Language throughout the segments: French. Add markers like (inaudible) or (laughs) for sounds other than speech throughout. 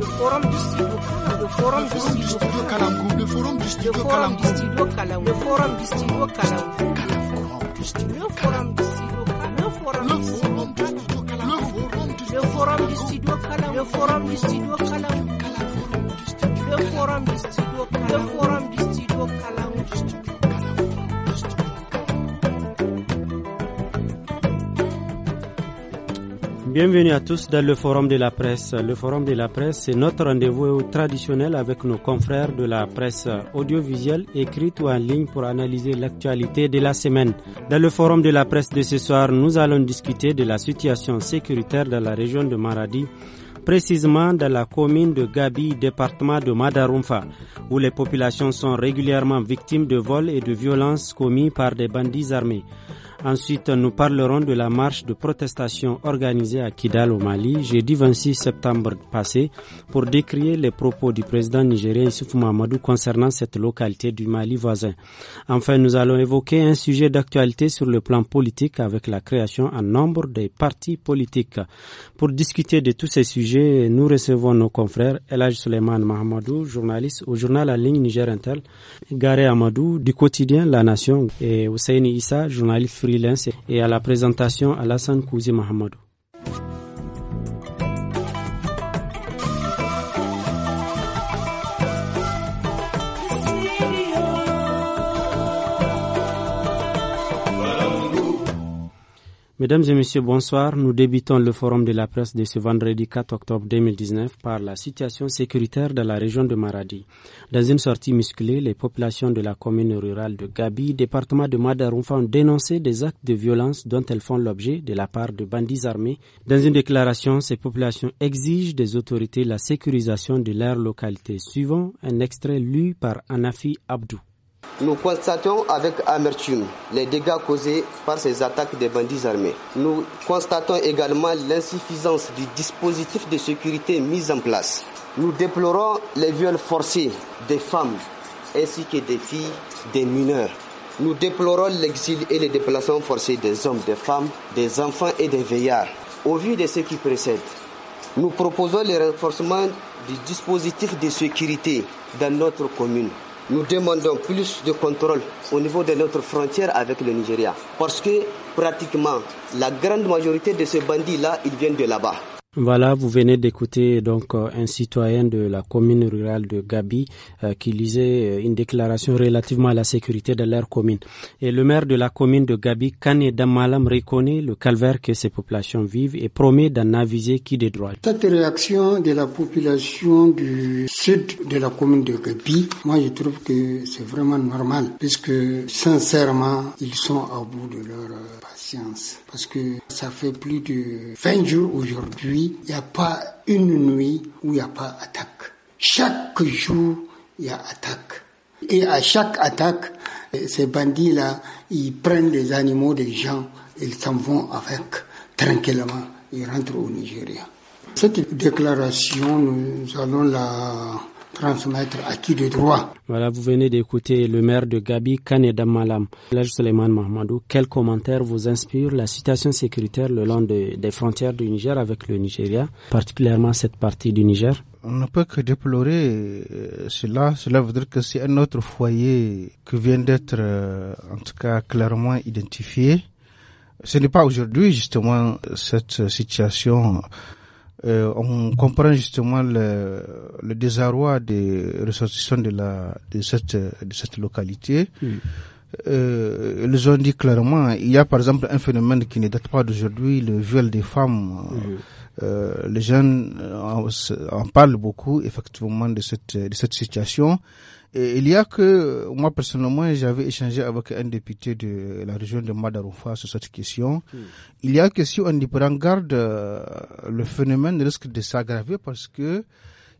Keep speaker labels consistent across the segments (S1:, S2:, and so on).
S1: The forum du studio le forum du studio Kalamkou forum du studio Kalamkou forum du studio Kalamkou forum du studio Kalamkou forum du studio Kalamkou forum du studio Kalamkou
S2: forum du studio Kalamkou forum du studio Kalamkou forum du studio
S1: Bienvenue à tous dans le Forum de la presse. Le Forum de la presse, c'est notre rendez-vous traditionnel avec nos confrères de la presse audiovisuelle, écrite ou en ligne pour analyser l'actualité de la semaine. Dans le Forum de la presse de ce soir, nous allons discuter de la situation sécuritaire dans la région de Maradi, précisément dans la commune de Gabi, département de Madarumfa, où les populations sont régulièrement victimes de vols et de violences commis par des bandits armés. Ensuite, nous parlerons de la marche de protestation organisée à Kidal au Mali jeudi 26 septembre passé pour décrier les propos du président nigérien Issoufou Mahamadou concernant cette localité du Mali voisin. Enfin, nous allons évoquer un sujet d'actualité sur le plan politique avec la création en nombre des partis politiques. Pour discuter de tous ces sujets, nous recevons nos confrères Elaj Suleiman Mahamadou, journaliste au journal La ligne Niger Intel, Gare Amadou du quotidien La Nation et Hussein Issa, journaliste et à la présentation à Alassane Kouzi Mahamadou. Mesdames et messieurs, bonsoir. Nous débutons le forum de la presse de ce vendredi 4 octobre 2019 par la situation sécuritaire dans la région de Maradi. Dans une sortie musclée, les populations de la commune rurale de Gabi, département de Madaroufa, ont dénoncé des actes de violence dont elles font l'objet de la part de bandits armés. Dans une déclaration, ces populations exigent des autorités la sécurisation de leur localité. Suivant un extrait lu par Anafi
S3: Abdou. Nous constatons avec amertume les dégâts causés par ces attaques des bandits armés. Nous constatons également l'insuffisance du dispositif de sécurité mis en place. Nous déplorons les viols forcés des femmes ainsi que des filles, des mineurs. Nous déplorons l'exil et les déplacements forcés des hommes, des femmes, des enfants et des veillards. Au vu de ce qui précède, nous proposons le renforcement du dispositif de sécurité dans notre commune nous demandons plus de contrôle au niveau de notre frontière avec le Nigeria. Parce que pratiquement la grande majorité de ces bandits-là, ils viennent de là-bas.
S1: Voilà, vous venez d'écouter donc euh, un citoyen de la commune rurale de Gabi euh, qui lisait euh, une déclaration relativement à la sécurité de leur commune. Et le maire de la commune de Gabi, Kane Damalam, reconnaît le calvaire que ces populations vivent et promet d'en aviser qui des droits. Cette réaction de la population du sud de la commune de Gabi, moi je trouve que c'est vraiment normal puisque sincèrement, ils sont à bout de leur passé parce que ça fait plus de 20 jours aujourd'hui, il n'y a pas une nuit où il n'y a pas attaque. Chaque jour, il y a attaque. Et à chaque attaque, ces bandits-là, ils prennent les animaux des gens, ils s'en vont avec, tranquillement, ils rentrent au Nigeria. Cette
S4: déclaration, nous allons la transmettre qui de droit.
S1: Voilà, vous venez d'écouter le maire de Gabi, Kanedam Malam. Suleiman Mamadou, quel commentaire vous inspire la situation sécuritaire le long des frontières du Niger avec le Nigeria, particulièrement cette partie du Niger
S3: on ne peut que déplorer euh, cela. Cela veut dire que c'est un autre foyer qui vient d'être, euh, en tout cas, clairement identifié. Ce n'est pas aujourd'hui, justement, cette situation euh, on comprend justement le, désarroi des ressortissants de de cette de cette localité. Hmm. Euh, ils ont dit clairement, il y a par exemple un phénomène qui ne date pas d'aujourd'hui, le viol des femmes. Hmm. Euh, les jeunes en, en, parlent beaucoup effectivement de cette situation il y a que, moi personnellement, j'avais échangé avec un député de la région de Madaroufa sur cette question. Hmm. Il y a que si on y prend garde, euh, le phénomène risque de s'aggraver parce que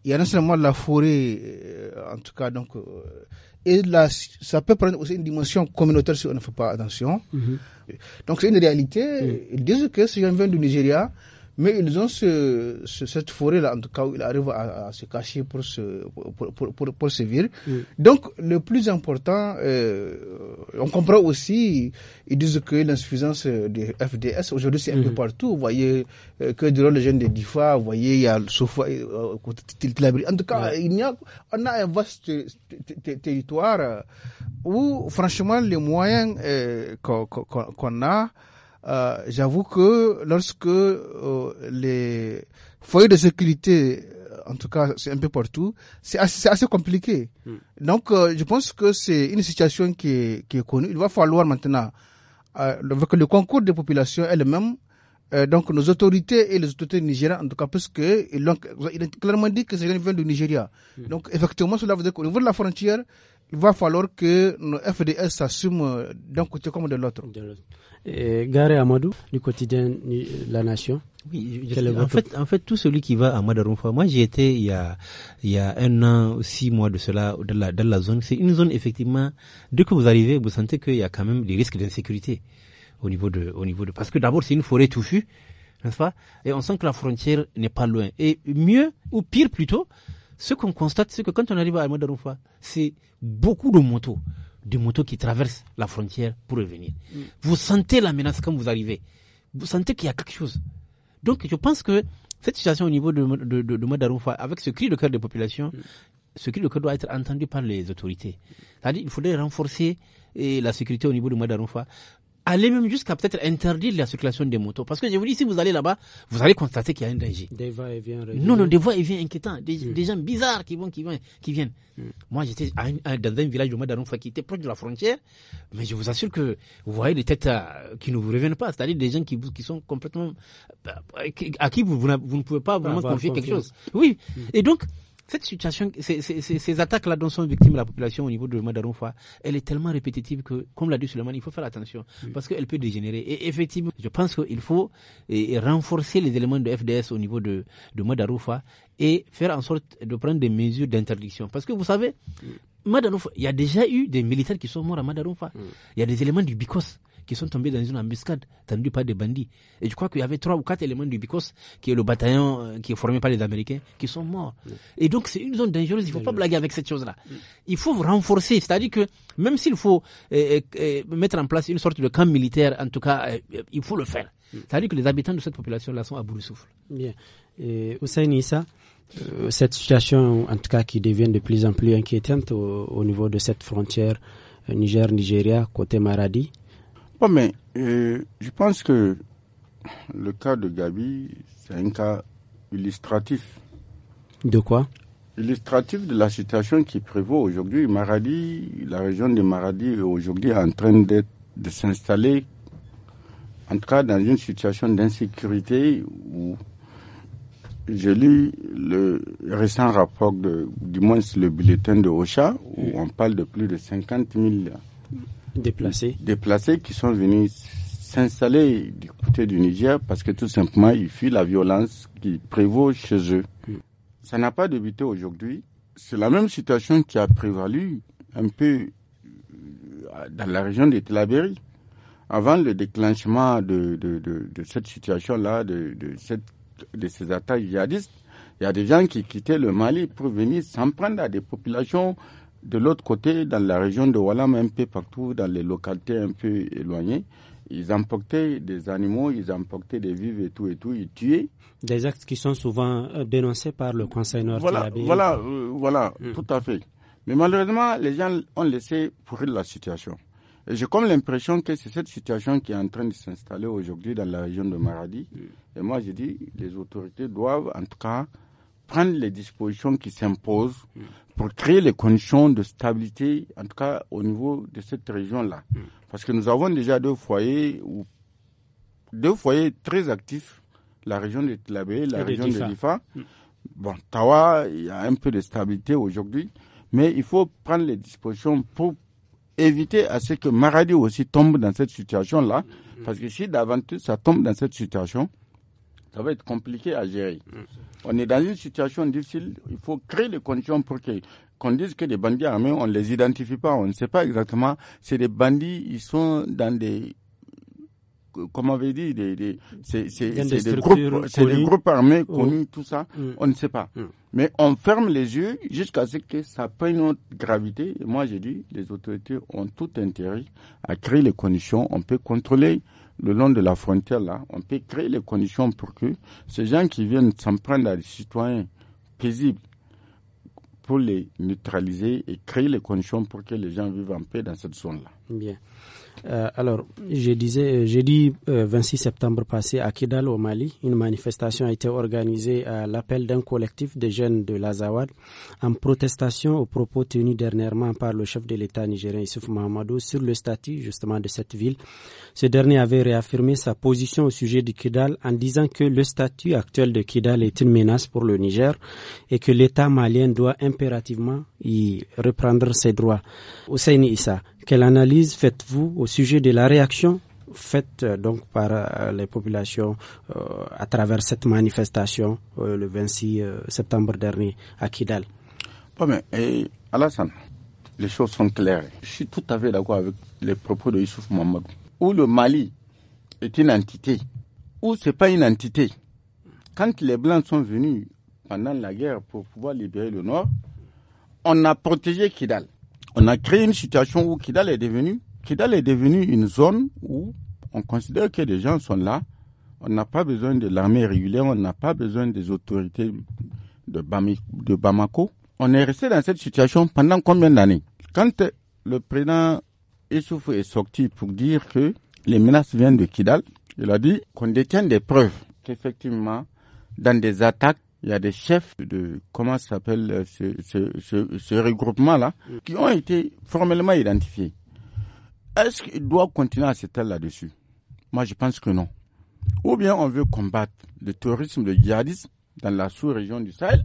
S3: il y a non seulement la forêt, euh, en tout cas, donc, euh, et là, ça peut prendre aussi une dimension communautaire si on ne fait pas attention. Hmm. Donc c'est une réalité. Hmm. Ils disent que si on vient du Nigeria, mais ils ont ce, cette forêt-là, en tout cas, où ils arrivent à, à se cacher pour se, pour, pour, pour, mm. Donc, le plus important, euh, on comprend aussi, ils disent que l'insuffisance des FDS, aujourd'hui, c'est un mm. peu partout. Vous voyez euh, que durant le jeune des DIFA, vous voyez, il y a le Sofa, euh, en tout cas, il y a, on a un vaste territoire euh, où, franchement, les moyens euh, qu'on a, euh, j'avoue que lorsque euh, les foyers de sécurité, en tout cas, c'est un peu partout, c'est assez, compliqué. Hmm. Donc, euh, je pense que c'est une situation qui est, connue. Il va falloir maintenant, avec le concours des populations elles-mêmes, donc nos autorités et les autorités nigériennes, en tout cas, parce qu'ils ont, clairement dit que ces gens viennent du Nigeria. Hmm. Donc, effectivement, cela veut dire niveau de la frontière, il va falloir que nos FDS s'assument d'un côté comme de l'autre. Garé Amadou, du quotidien La Nation. Oui, en, fait,
S2: en fait, tout celui qui va à Madarumfa, moi j'y étais il y, a, il y a un an, six mois de cela, dans la, dans la zone. C'est une zone, effectivement, dès que vous arrivez, vous sentez qu'il y a quand même des risques d'insécurité au niveau de, au niveau de, parce que d'abord c'est une forêt touffue, n'est-ce pas? Et on sent que la frontière n'est pas loin. Et mieux, ou pire plutôt, ce qu'on constate, c'est que quand on arrive à Madaroufa, c'est beaucoup de motos, de motos qui traversent la frontière pour revenir. Mm. Vous sentez la menace quand vous arrivez. Vous sentez qu'il y a quelque chose. Donc, je pense que cette situation au niveau de, de, Madaroufa, avec ce cri de cœur des populations, mm. ce cri de cœur doit être entendu par les autorités. C'est-à-dire, il faudrait renforcer eh, la sécurité au niveau de Madaroufa, aller même jusqu'à peut-être interdire la circulation des motos. Parce que je vous dis, si vous allez là-bas, vous allez constater qu'il y a un
S1: danger. Des voix et vient Non, non, des
S2: voix et vient inquiétants, hmm. des, gens bizarres qui vont, qui qui viennent. Hmm. Moi, j'étais dans un village de d'année qui était proche de la frontière, mais je vous assure que vous voyez des têtes euh, qui ne vous reviennent pas, c'est-à-dire des gens qui, qui sont complètement, bah, bah, à qui vous, ne pouvez pas vraiment confier quelque chose. Oui. Hmm. Et donc, cette situation, ces, attaques-là dont sont victimes la population au niveau de Madaroufa, elle est tellement répétitive que, comme l'a dit Suleiman, il faut faire attention parce qu'elle peut dégénérer. Et effectivement, je pense qu'il faut renforcer les éléments de FDS au niveau de, de Madaroufa et faire en sorte de prendre des mesures d'interdiction. Parce que vous savez, Madaroufa, il y a déjà eu des militaires qui sont morts à Madaroufa. Il y a des éléments du BICOS qui sont tombés dans une embuscade tendue par des bandits. Et je crois qu'il y avait trois ou quatre éléments du BICOS, qui est le bataillon euh, qui est formé par les Américains, qui sont morts. Et donc c'est une zone dangereuse, il ne faut pas blaguer avec cette chose-là. Il faut renforcer, c'est-à-dire que même s'il faut euh, euh, mettre en place une sorte de camp militaire, en tout cas, il faut le faire. C'est-à-dire que les habitants de cette population-là sont à bout de souffle.
S1: Bien. Et Hussein Issa, cette situation, en tout cas, qui devient de plus en plus inquiétante au, au niveau de cette frontière Niger-Nigeria, côté Maradi,
S4: mais euh, je pense que le cas de Gabi, c'est un cas illustratif. De quoi Illustratif de la situation qui prévaut aujourd'hui. Maradi, la région de Maradi est aujourd'hui en train de s'installer, en tout cas dans une situation d'insécurité où j'ai lu le récent rapport, de, du moins le bulletin de OCHA, où on parle de plus de 50 000
S1: Déplacés.
S4: Déplacés qui sont venus s'installer du côté du Niger parce que tout simplement ils fuient la violence qui prévaut chez eux. Hmm. Ça n'a pas débuté aujourd'hui. C'est la même situation qui a prévalu un peu euh, dans la région de Tlaberi. Avant le déclenchement de, cette situation-là, de, de ces attaques djihadistes, il y a des gens qui quittaient le Mali pour venir s'en prendre à des populations de l'autre côté, dans la région de Walam, un peu partout, dans les localités un peu éloignées, ils emportaient des animaux, ils emportaient des vivres et tout et tout, ils tuaient.
S1: Des actes qui sont souvent euh, dénoncés par le Conseil nord Voilà, voilà,
S4: euh, voilà, hmm. tout à fait. Mais malheureusement, les gens ont laissé pourrir la situation. Et j'ai comme l'impression que c'est cette situation qui est en train de s'installer aujourd'hui dans la région de Maradi. Hmm. Et moi, je dis, les autorités doivent, en tout cas, prendre les dispositions qui s'imposent hmm pour créer les conditions de stabilité, en tout cas au niveau de cette région-là. Hmm. Parce que nous avons déjà deux foyers, deux foyers très actifs, la région de Tlabé, la région de Difa. Hmm. Bon, Tawa, il y a un peu de stabilité aujourd'hui, mais il faut prendre les dispositions pour éviter à ce que Maradi aussi tombe dans cette situation-là. Hmm. Parce que si davantage ça tombe dans cette situation, ça va être compliqué à gérer. On est dans une situation difficile. Il faut créer les conditions pour que qu'on dise que les bandits armés, on ne les identifie pas, on ne sait pas exactement. C'est des bandits, ils sont dans des comment on avait dit, des, des, c'est des, groupes, armés connus, tout ça, on ne sait pas. Mais on ferme les yeux jusqu'à ce que ça prenne une autre gravité. moi, j'ai dit, les autorités ont tout intérêt à créer les conditions. On peut contrôler le long de la frontière, là, on peut créer les conditions pour que ces gens qui viennent s'en prendre à des citoyens paisibles, pour les neutraliser et créer les conditions pour que les gens vivent en paix dans cette zone-là.
S1: Bien. Euh, alors, je disais, euh, jeudi euh, 26 septembre passé à Kidal au Mali, une manifestation a été organisée à l'appel d'un collectif de jeunes de l'Azawad en protestation aux propos tenus dernièrement par le chef de l'État nigérien Issouf Mahamadou sur le statut justement de cette ville. Ce dernier avait réaffirmé sa position au sujet de Kidal en disant que le statut actuel de Kidal est une menace pour le Niger et que l'État malien doit impérativement y reprendre ses droits. Issa, quelle analyse faites-vous au sujet de la réaction faite euh, donc par euh, les populations euh, à travers cette manifestation le 26 septembre dernier à Kidal
S4: eh, Alassane, les choses sont claires. Je suis tout à fait d'accord avec les propos de Youssouf Mamadou. Où le Mali est une entité, où c'est pas une entité. Quand les Blancs sont venus pendant la guerre pour pouvoir libérer le Nord, on a protégé Kidal on a créé une situation où Kidal est devenu, Kidal est devenu une zone où on considère que des gens sont là. On n'a pas besoin de l'armée régulière, on n'a pas besoin des autorités de, Bamako. On est resté dans cette situation pendant combien d'années Quand le président Issoufou est sorti pour dire que les menaces viennent de Kidal, il a dit qu'on détient des preuves qu'effectivement, dans des attaques il y a des chefs de comment s'appelle euh, ce, ce, regroupement-là qui ont été formellement identifiés. Est-ce qu'il doit continuer à s'étaler là-dessus Moi, je pense que non. Ou bien on veut combattre le terrorisme, le djihadisme dans la sous-région du Sahel,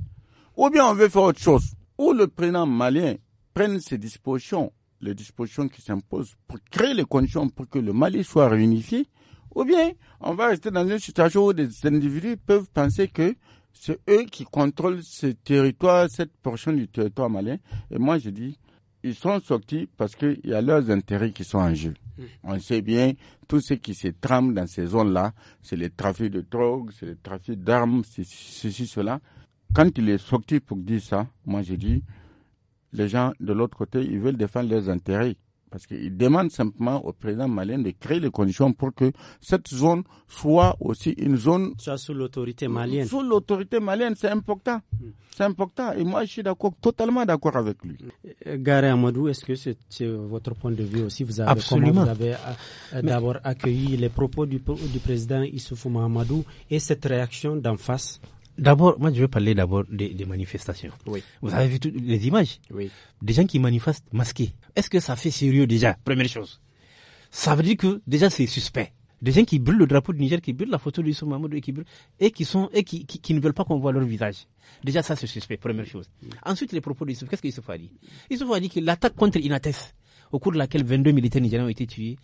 S4: ou bien on veut faire autre chose. Ou le président malien prenne ses dispositions, les dispositions qui s'imposent pour créer les conditions pour que le Mali soit réunifié, ou bien on va rester dans une situation où des individus peuvent penser que c'est eux qui contrôlent ce territoire, cette portion du territoire malin. Et moi, je dis, ils sont sortis parce qu'il y a leurs intérêts qui sont en jeu. Hmm. On sait bien, tout ce qui se trame dans ces zones-là, c'est le trafic de drogue, c'est le trafic d'armes, c'est ceci, cela. Quand il est sorti pour dire ça, moi je dis, les gens de l'autre côté, ils veulent défendre leurs intérêts. Parce qu'il demande simplement au président malien de créer les conditions pour que cette zone soit aussi une zone... Soit sous l'autorité malienne. Sous l'autorité malienne, c'est important. Hmm. C'est important. Et moi, je suis d'accord, totalement d'accord avec lui. Euh, Gare Amadou, est-ce que c'est
S1: votre point de vue aussi vous avez, Absolument. Vous avez euh, euh, d'abord accueilli les propos du, président Issoufou Mahamadou et cette réaction d'en face
S2: D'abord, moi je veux parler d'abord des, des, manifestations. Oui. Vous avez vu toutes les images oui. Des gens qui manifestent masqués. Est-ce que ça fait sérieux déjà Première chose. Ça veut dire que déjà c'est suspect. Des gens qui brûlent le drapeau du Niger, qui brûlent la photo de Yusuf Mahmoud et qui brûlent, et qui sont et qui, qui, ne veulent pas qu'on voit leur visage. Déjà ça c'est suspect, première chose. Ensuite les propos de Yusuf. qu'est-ce qu'Youssouf dire? dit se a dire que l'attaque contre Inates, au cours de laquelle 22 militaires nigériens ont été tués,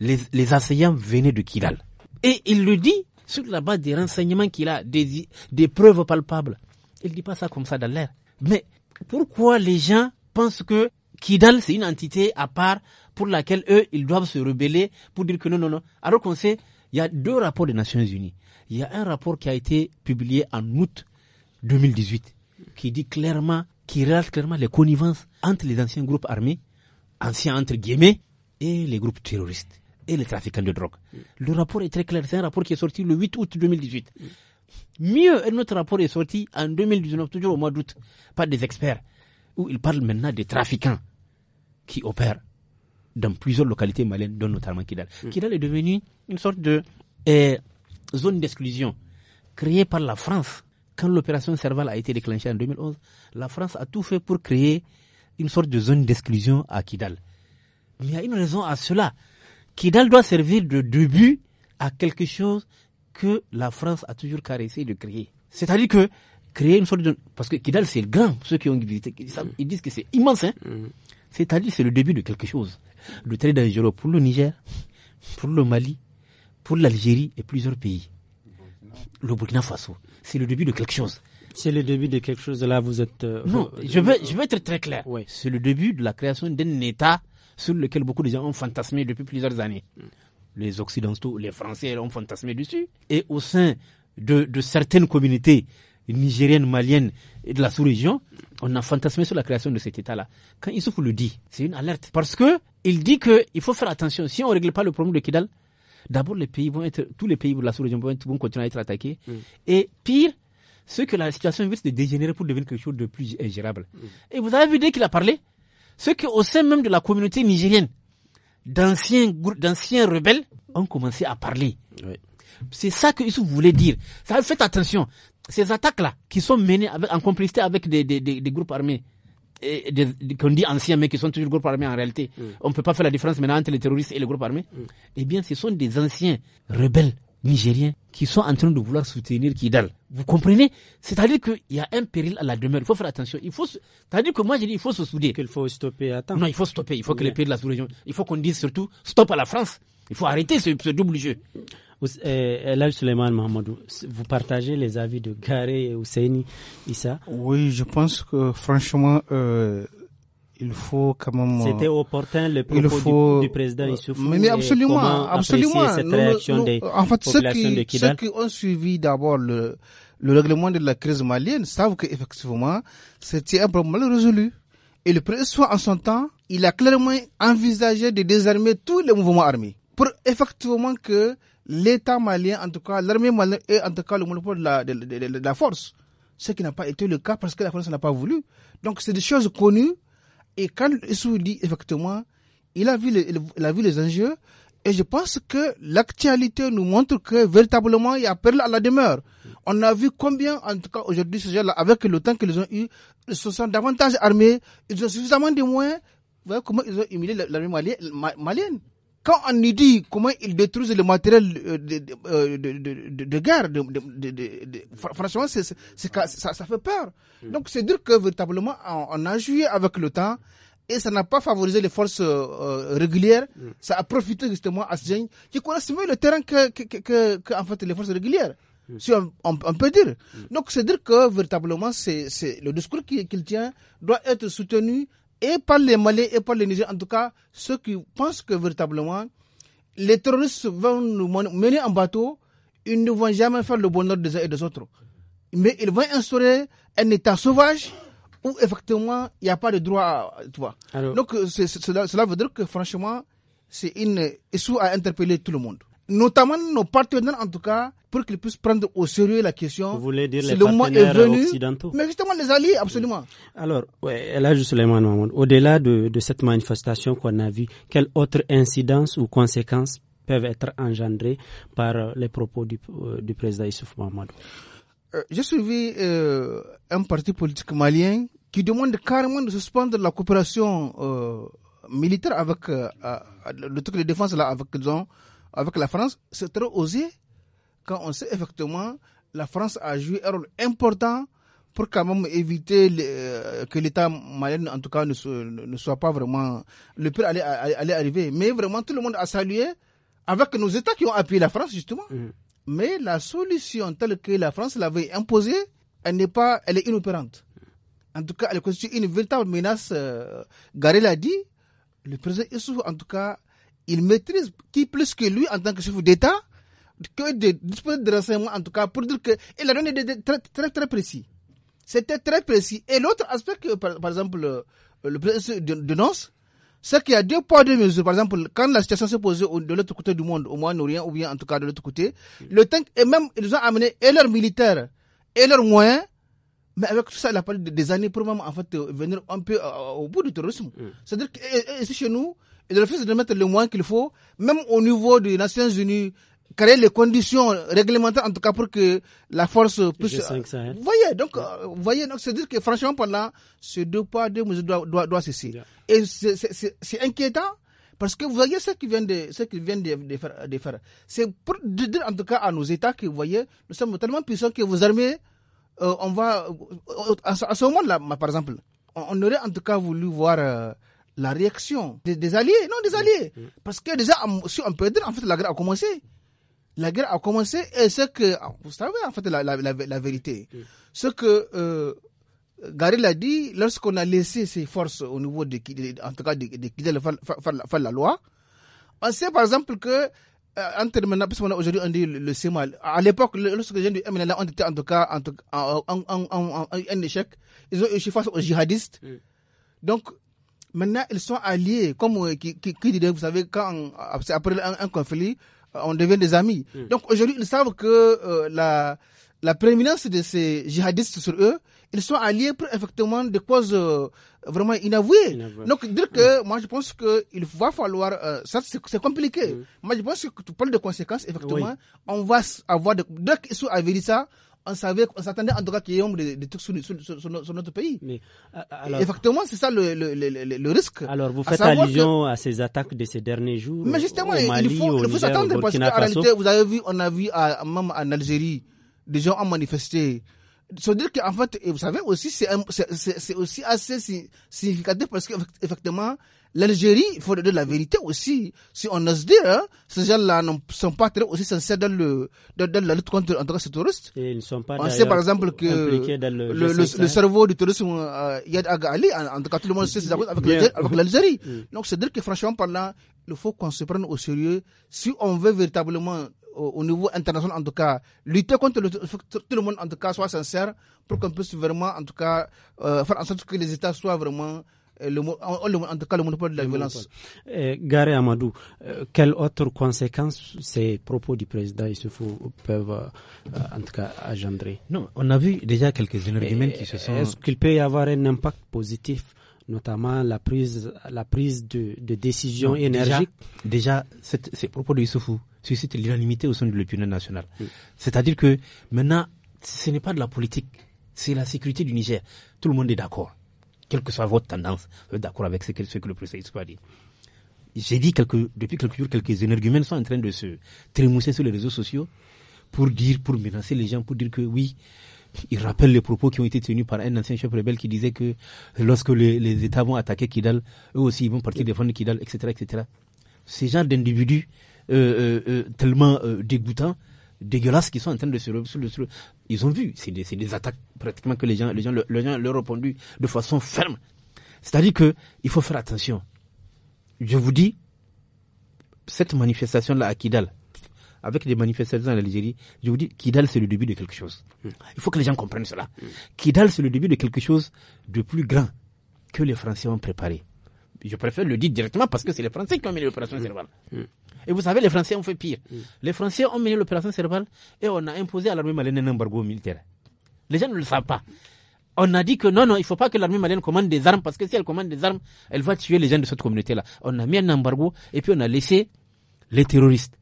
S2: les, les assaillants venaient de Kidal. Et il le dit sur la base des renseignements qu'il a, des, preuves palpables. Il ne dit pas ça comme ça dans l'air. Mais pourquoi les gens pensent que Kidal, c'est une entité à part pour laquelle eux, ils doivent se rebeller pour dire que non, non, non. Alors qu'on sait, il y a deux rapports des Nations Unies. Il y a un rapport qui a été publié en août 2018 qui dit clairement, qui relate clairement les connivences entre les anciens groupes armés, anciens entre guillemets, et les groupes terroristes et les trafiquants de drogue. Le rapport est très clair, c'est un rapport qui est sorti le 8 août 2018. Mieux, un autre rapport est sorti en 2019, toujours au mois d'août, par des experts, où ils parlent maintenant des trafiquants qui opèrent dans plusieurs localités maliennes, dont notamment Kidal. Mm. Kidal est devenu une sorte de eh, zone d'exclusion créée par la France. Quand l'opération Serval a été déclenchée en 2011, la France a tout fait pour créer une sorte de zone d'exclusion à Kidal. Mais il y a une raison à cela. Kidal doit servir de début à quelque chose que la France a toujours caressé de créer. C'est-à-dire que créer une sorte de... Parce que Kidal, c'est grand, ceux qui ont visité, ils disent que c'est immense. Hein? Mm. C'est-à-dire c'est le début de quelque chose. Le très dangereux pour le Niger, pour le Mali, pour l'Algérie et plusieurs pays. Le Burkina Faso, c'est le début de quelque chose. C'est le début de quelque chose, là vous êtes... Euh, non, je, veux, je veux être très clair. C'est le début de la création d'un État sur lequel beaucoup de gens ont fantasmé depuis plusieurs années. Les Occidentaux, les Français ont fantasmé dessus. Et au sein de, certaines communautés nigériennes, maliennes et de la sous-région, on a fantasmé sur la création de cet État-là. Quand Issoufou le dit, c'est une alerte. Parce que il dit qu'il faut faire attention. Si on ne règle pas le problème de Kidal, d'abord les pays vont être, tous les pays de la sous-région vont, continuer à être attaqués. Mm. Et pire, ce que la situation risque de dégénérer pour devenir quelque chose de plus ingérable. Mm. Et vous avez vu dès qu'il a parlé, qui, au sein même de la communauté nigérienne, d'anciens d'anciens rebelles ont commencé à parler. C'est ça que Issou voulaient dire. Ça, faites attention. Ces attaques-là, qui sont menées en complicité avec des, groupes armés, qu'on dit anciens, mais qui sont toujours groupes armés en réalité, mm. on ne peut pas faire la différence maintenant entre les terroristes et les groupes armés, mm. eh bien, ce sont des anciens rebelles nigériens qui sont en train de vouloir soutenir Kidal. Vous comprenez C'est-à-dire qu'il y a un péril à la demeure. Il faut faire attention. Il faut, c'est-à-dire que moi je dis, il faut se souder. Qu'il faut stopper. Attends. Non, il faut stopper. Il faut que les pays de la sous-région. Il faut qu'on dise surtout stop à la France. Il faut arrêter
S1: ce, double jeu. Eh, Elal Suleiman Mahamadou, vous partagez les avis de Garé et Ousseini,
S3: Issa Oui, je pense que franchement, euh, il faut quand même. Euh, c'était opportun le propos du, président Issoufou. Mais, absolument, absolument. réaction en fait, ceux qui, ont suivi d'abord le, le règlement de la crise malienne savent qu'effectivement, c'était un problème mal résolu. Et le président, en son temps, il a clairement envisagé de désarmer tous les mouvements armés pour effectivement que l'État malien, en tout cas l'armée malienne, ait en tout cas le monopole de la, de la force. Ce qui n'a pas été le cas parce que la France n'a pas voulu. Donc c'est des choses connues et quand se dit effectivement, il a vu les, les enjeux et je pense que l'actualité nous montre que véritablement il y a perle à la demeure. On a vu combien, en tout cas aujourd'hui, ces gens-là, avec le temps qu'ils ont eu, ils se sont davantage armés, ils ont suffisamment de moyens. Vous voyez comment ils ont humilié l'armée malienne quand on nous dit comment ils détruisent le matériel euh, euh, de, de, de, de guerre, franchement, ça, ça, fait peur. Donc c'est dire que véritablement, on, a joué avec le temps et ça n'a pas favorisé les forces euh, régulières. Ça a profité justement à ces qui connaissent mieux le terrain que, que, en fait, les forces régulières. Si on, peut dire. Donc, c'est dire que véritablement, c'est, le discours qu'il, tient doit être soutenu et par les Malais et par les Nigériens, en tout cas, ceux qui pensent que véritablement, les terroristes vont nous mener en bateau, ils ne vont jamais faire le bonheur des uns et des autres. Mais ils vont instaurer un État sauvage où effectivement, il n'y a pas de droit à, tu Donc, cela, cela, veut dire que franchement, c'est une issue à interpeller tout le monde. Notamment nos partenaires, en tout cas, pour qu'ils puissent prendre au sérieux la question. Vous voulez dire les partenaires occidentaux Mais justement, les alliés, absolument. Alors,
S1: ouais, là, justement, au-delà de, cette manifestation qu'on a vue, quelles autres incidences ou conséquences peuvent être engendrées par euh, les
S3: propos du, euh, président Issouf Mahamadou. Euh, j'ai suivi un parti politique malien qui demande carrément de suspendre la coopération militaire avec le truc de défense là, avec, avec la France. C'est très osé quand on sait effectivement la France a joué un rôle important pour quand même éviter euh, que l'État malien, en tout cas, ne, ne, soit pas vraiment... Le pire aller arriver. Mais vraiment, tout le monde a salué avec nos États qui ont appuyé la France, justement. Mm. Mais la solution telle que la France l'avait imposée, elle n'est pas... Elle est inopérante. En tout cas, elle constitue une véritable menace. Euh, Garé l'a dit. Le président Issouf, en tout cas, il maîtrise qui plus que lui en tant que chef d'État que de, de, renseignements, en tout cas, pour dire qu'il a donné des, très, très, très précis. C'était très précis. Et l'autre aspect que, par, exemple, le, euh, le président dénonce, c'est qu'il y a deux poids, deux mesures. Par exemple, quand la situation s'est posée de l'autre côté du monde, au moins, orient ou bien en tout cas de l'autre côté, le tank, et même, ils ont amené et leurs militaires, et leurs moyens, mais avec tout ça, il a parlé des années pour même, en fait, euh, venir un peu euh, au bout du terrorisme. C'est-à-dire que chez nous, ils refusent de mettre les moyens qu'il faut, même au niveau des Nations Unies, créer les conditions réglementaires, en tout cas, pour que la force puisse. vous voyez, donc, euh, voyez, donc, c'est dire que franchement, pendant ces deux pas, deux mesures doit, doit cesser. Et c'est inquiétant. Parce que vous voyez ce qu'ils viennent de, ce qui vient faire, C'est pour dire en tout cas à nos États que vous voyez, nous sommes tellement puissants que vos armées, euh, on va, euh, à, ce moment-là, par exemple, on, aurait en tout cas voulu voir la réaction des, des, alliés, non des alliés. Mm. Parce que déjà, si on peut dire, en fait, la guerre a commencé la guerre a commencé et ce que, vous savez en fait la, la, vérité, ce que euh, Gary l'a dit, lorsqu'on a laissé ses forces au niveau de, en tout cas, de, de, faire, la loi, on sait par exemple que euh, entre maintenant, parce a aujourd'hui on dit le, le À l'époque, lorsque j'ai dit du MNLA ont en tout cas en, en, en, en échec, ils ont échoué face aux djihadistes. Donc, maintenant, ils sont alliés, comme euh, qui, qui, vous savez, quand après un conflit, euh, on devient des amis. Hmm. Donc aujourd'hui, ils savent que euh, la, la prééminence de ces djihadistes sur eux, ils sont alliés pour effectivement des causes euh, vraiment inavouées. Donc dire que moi je pense qu'il va falloir, ça c'est compliqué. Moi je pense que tu hmm. parles de conséquences, effectivement, on va avoir, de, dès qu'ils sont avérés ça, on savait, on s'attendait en tout cas qu'il y ait des, des trucs sur, notre pays. Mais, euh, euh, alors, effectivement, c'est ça le, risque. Alors, vous faites allusion
S1: à ces attaques de ces derniers jours. Mais justement, il faut, s'attendre parce qu'en réalité,
S3: vous avez vu, on a vu même en Algérie, des gens ont manifesté. C'est-à-dire qu'en fait, vous savez aussi, c'est aussi assez significatif parce qu'effectivement, L'Algérie, il faut dire la vérité aussi. Si on ose dire, hein, ces gens-là ne sont pas très aussi sincères dans, le, la lutte contre, ces touristes.
S1: ils ne sont pas on sait par exemple que le,
S3: cerveau du tourisme euh, Yad Aga en, tout cas tout le monde sait ses avec l'Algérie. Mm. Donc c'est dire que franchement parlant, il faut qu'on se prenne au sérieux si on veut véritablement au, niveau international en tout cas, lutter contre le, tout le monde en tout cas soit sincère pour qu'on puisse vraiment en tout cas euh, faire en sorte que les États soient vraiment en tout cas le monopole de la violence.
S1: Eh, Amadou, euh, quelles autres conséquences ces propos du président Issoufou peuvent euh, en tout cas engendrer Non,
S2: on a vu déjà quelques énergumènes qui se eh, sont. Est-ce
S1: qu'il peut y avoir un impact positif notamment la prise, la prise de, de décisions énergique
S2: Déjà, ces propos de Issoufou suscitent l'unanimité au sein de l'opinion nationale. C'est-à-dire que maintenant, ce n'est pas de la politique, c'est la sécurité du Niger. Tout le monde est d'accord quelle que soit votre tendance, vous êtes d'accord avec ce que, ce que le président dit. J'ai dit quelques, depuis quelques jours, quelques énergumènes sont en train de se trémousser sur les réseaux sociaux pour dire, pour menacer les gens, pour dire que oui, ils rappellent les propos qui ont été tenus par un ancien chef rebelle qui disait que lorsque les, États vont attaquer Kidal, eux aussi ils vont partir défendre Kidal, etc., etc. Ces genres d'individus euh, euh, euh, tellement dégoûtants dégueulasses qui sont en train de se ils ont vu, c'est des, des, attaques pratiquement que les gens, les leur ont répondu de façon ferme. C'est-à-dire que il faut faire attention. Je vous dis, cette manifestation-là à Kidal, avec des manifestations en Algérie, je vous dis, Kidal, c'est le début de quelque chose. Il faut que les gens comprennent cela. Kidal, c'est le début de quelque chose de plus grand que les Français ont préparé. Je préfère le dire directement parce que c'est les Français qui ont mis l'opération cérébrale. Et vous savez, les Français ont fait pire. Mm. Les Français ont mené l'opération cérébrale et on a imposé à l'armée malienne un embargo militaire. Les gens ne le savent pas. On a dit que non, non, il ne faut pas que l'armée malienne commande des armes parce que si elle commande des armes, elle va tuer les gens de cette communauté-là. On a mis un embargo et puis on a laissé les terroristes,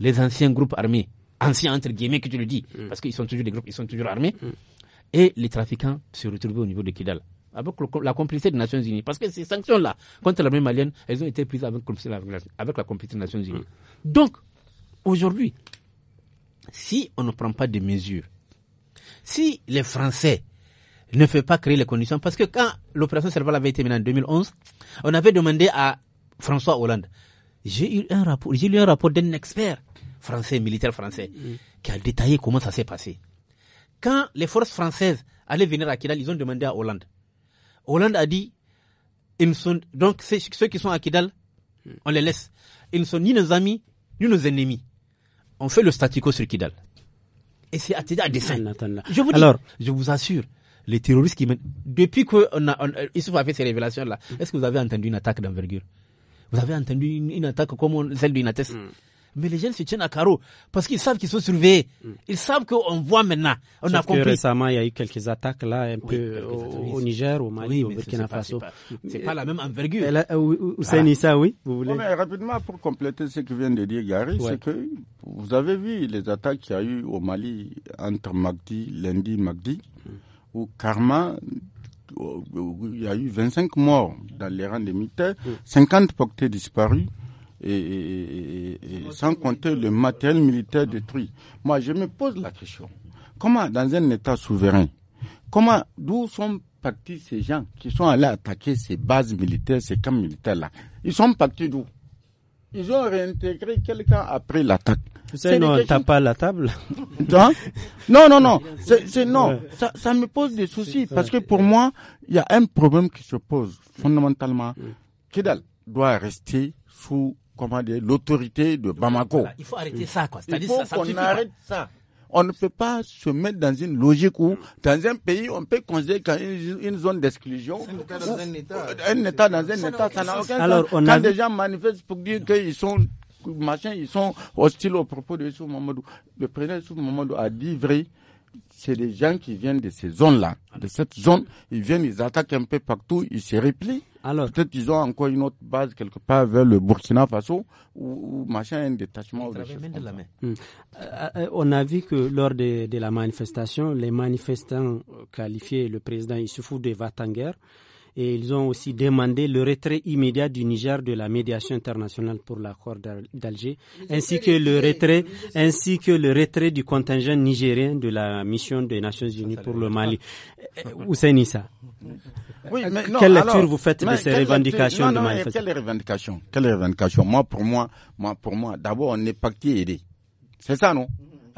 S2: les anciens groupes armés, anciens entre guillemets que tu le dis, mm. parce qu'ils sont toujours des groupes, ils sont toujours armés, mm. et les trafiquants se retrouvaient au niveau de Kidal avec la complicité des Nations Unies. Parce que ces sanctions-là contre l'armée malienne, elles ont été prises avec, la complicité des Nations Unies. Hmm. Donc, aujourd'hui, si on ne prend pas de mesures, si les Français ne font pas créer les conditions, parce que quand l'opération Serval avait été menée en 2011, on avait demandé à François Hollande, j'ai eu un rapport, j'ai lu un rapport d'un expert français, militaire français, hmm. qui a détaillé comment ça s'est passé. Quand les forces françaises allaient venir à Kidal, ils ont demandé à Hollande, Hollande a dit, ils sont, donc ceux qui sont à Kidal, hmm. on les laisse. Ils ne sont ni nos amis, ni nos ennemis. On fait le statu quo sur Kidal. Et c'est à dessein. Ah, je Alors, je vous assure, les terroristes qui mènent, depuis qu'on a, euh, ils fait ces révélations-là, hmm. est-ce que vous avez entendu une attaque d'envergure? Vous avez entendu une, attaque comme celle d'Inates? Hmm. Mais les jeunes se tiennent à carreau parce qu'ils savent qu'ils sont surveillés. Mm. Ils savent qu'on voit maintenant. On a compris. récemment,
S1: il y a eu quelques attaques là, un peu au, Niger, au Mali, au Burkina Faso. C'est pas, pas la même envergure. Hussein Nissa, ah. oui, vous voulez. mais
S4: rapidement, pour compléter ce que vient de dire Gary, c'est que vous avez vu les attaques qu'il y a eu au Mali entre lundi, et mardi, mm. où Karma il y a eu 25 morts dans les rangs des militaires, 50 mm. portés disparus et, sans compter le matériel militaire détruit. Moi, je me pose la question. Comment, dans un État souverain, comment, d'où sont partis ces gens qui sont allés attaquer ces bases militaires, ces camps militaires-là Ils sont partis d'où Ils ont réintégré quelqu'un après l'attaque. C'est non, t'as pas la table (laughs) hein? Non, non, non. (laughs) C'est non. Ça, ça me pose des soucis parce que pour moi, il y a un problème qui se pose fondamentalement. Kedal doit rester sous comment dire, l'autorité de Bamako. il faut
S2: arrêter ça, quoi. Il faut qu'on arrête
S4: ça. On ne peut pas se mettre dans une logique où, hmm. dans un pays, on peut considérer qu'une une zone d'exclusion, un État, un État dans un État, ça n'a aucun sens. Quand des gens manifestent pour dire qu'ils sont machin, ils sont hostiles au propos de Youssouf Mamadou. Le président Youssouf Mamadou a dit vrai c'est des gens qui viennent de ces zones-là, de cette zone. Ils viennent, ils attaquent un peu partout, ils se replient peut-être qu'ils ont encore une autre base quelque part vers le Burkina Faso ou machin un détachement. De la main. Hmm. Euh, euh,
S1: on a vu que lors de, la manifestation, les manifestants qualifiaient le président Issoufou de vatanguer et ils ont aussi demandé le retrait immédiat du Niger de la médiation internationale pour l'accord d'Alger, ainsi que le retrait, ainsi que le retrait du contingent nigérien de la mission des Nations Unies pour le Mali. Euh, Ousenissa, (laughs) oui, mais quelle lecture vous faites de ces revendications de Mali
S4: Quelles revendications Moi, pour moi, moi, pour moi, d'abord, on n'est pas qui aider. C'est ça, non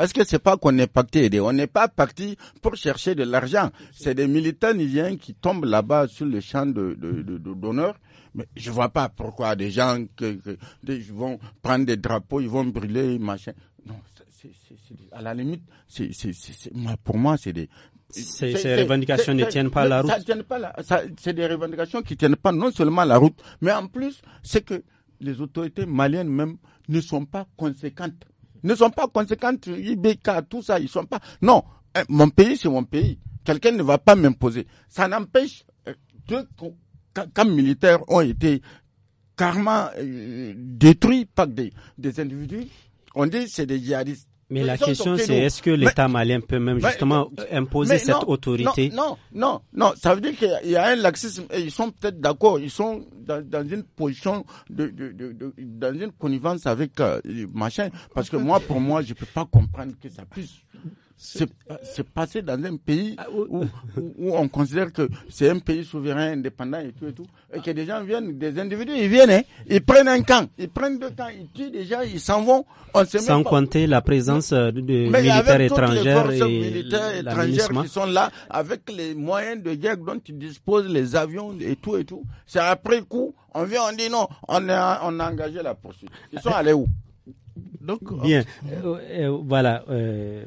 S4: est-ce que c'est pas qu'on est pacté aider On n'est pas parti pour chercher de l'argent. C'est des militants nigériens qui tombent là-bas sur le champ de, d'honneur. Mais je vois pas pourquoi des gens que, vont prendre des drapeaux, ils vont brûler, machin. Non, à la limite, c'est, pour moi, c'est des, ces, revendications ne tiennent pas la route. Ça pas la, c'est des revendications qui tiennent pas non seulement la route, mais en plus, c'est que les autorités maliennes même ne sont pas conséquentes ne sont pas conséquentes, IBK, tout ça, ils sont pas. Non, hein, mon pays, c'est mon pays. Quelqu'un ne va pas m'imposer. Ça n'empêche que euh, camps militaires ont été carrément euh, détruits par des, des individus. On dit c'est des djihadistes. Mais la question, c'est est-ce que l'État malien peut même justement imposer cette autorité non, non, non, Ça veut dire qu'il y a un laxisme et ils sont peut-être d'accord. Ils sont dans, une position de, de, de, dans une connivence avec euh, machin. Parce que moi, pour moi, je peux pas comprendre que ça puisse euh, c'est passé dans un pays ah, où, où, on considère que c'est un pays souverain, indépendant et tout et tout, et que des gens viennent, des individus, ils viennent, hein. ils prennent un camp, ils prennent deux camps, ils tuent déjà, ils s'en vont. On Sans compter
S1: la présence euh, de militaires étrangers et militaires étrangères qui sont
S4: là, avec les moyens de guerre dont ils disposent, les avions et tout et tout. C'est après coup, on vient, on dit non, on on a engagé la poursuite. Ils sont allés où donc, euh, Bien,
S1: euh, euh, voilà, euh,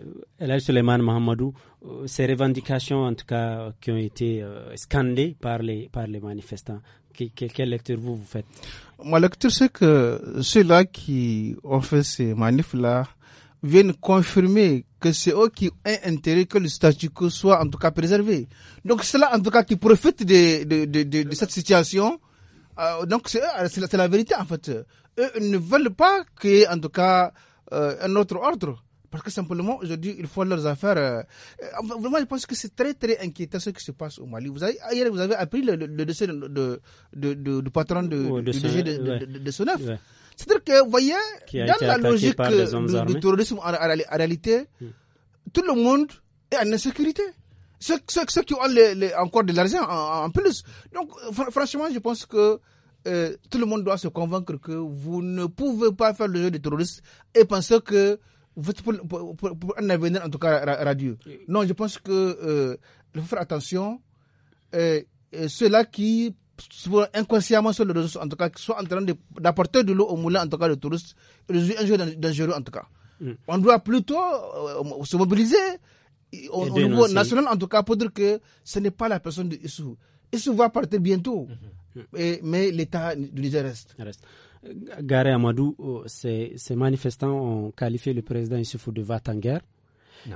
S1: Suleiman Mahamadou, ces revendications en tout cas qui ont été scandées par les, par les manifestants, quelle lecture vous, vous faites
S3: Ma lecture, c'est que ceux-là qui ont fait ces manifs-là viennent confirmer que c'est eux qui ont intérêt que le statu quo soit en tout cas préservé. Donc ceux là en tout cas qui profitent de, de, de, cette situation. c'est donc c'est la vérité en fait eux, ne veulent pas qu'il y ait en tout cas euh, un autre ordre. Parce que simplement, aujourd'hui, il faut leurs affaires. Euh, euh, vraiment, je pense que c'est très, très inquiétant ce qui se passe au Mali. Vous avez, hier, vous avez appris le, décès de, de, du patron de, de, Sonaf. C'est-à-dire que, vous voyez, dans la logique du, terrorisme, en, réalité, hmm. tout le monde est en insécurité. Ceux, qui ont encore de l'argent en, plus. Donc, franchement, je pense que euh, tout le monde doit se convaincre que vous ne pouvez pas faire le jeu des terroristes et penser que vous êtes pour, pour, un avenir en tout cas radieux. Non, je pense que euh, faut faire attention. Euh, euh Ceux-là qui inconsciemment sur le réseau, en tout cas, qui sont en train d'apporter de, l'eau au moulin, en tout cas, de touristes, est un jeu dangereux, en tout cas. Mm. On doit plutôt se mobiliser au, niveau national, en tout cas, pour dire que ce n'est pas la personne de Issou. Issou va partir bientôt. Mm-hmm mais l'État du Niger reste. reste.
S1: Garé Amadou, euh, ces, manifestants ont qualifié le président Issoufou de Vatanguer.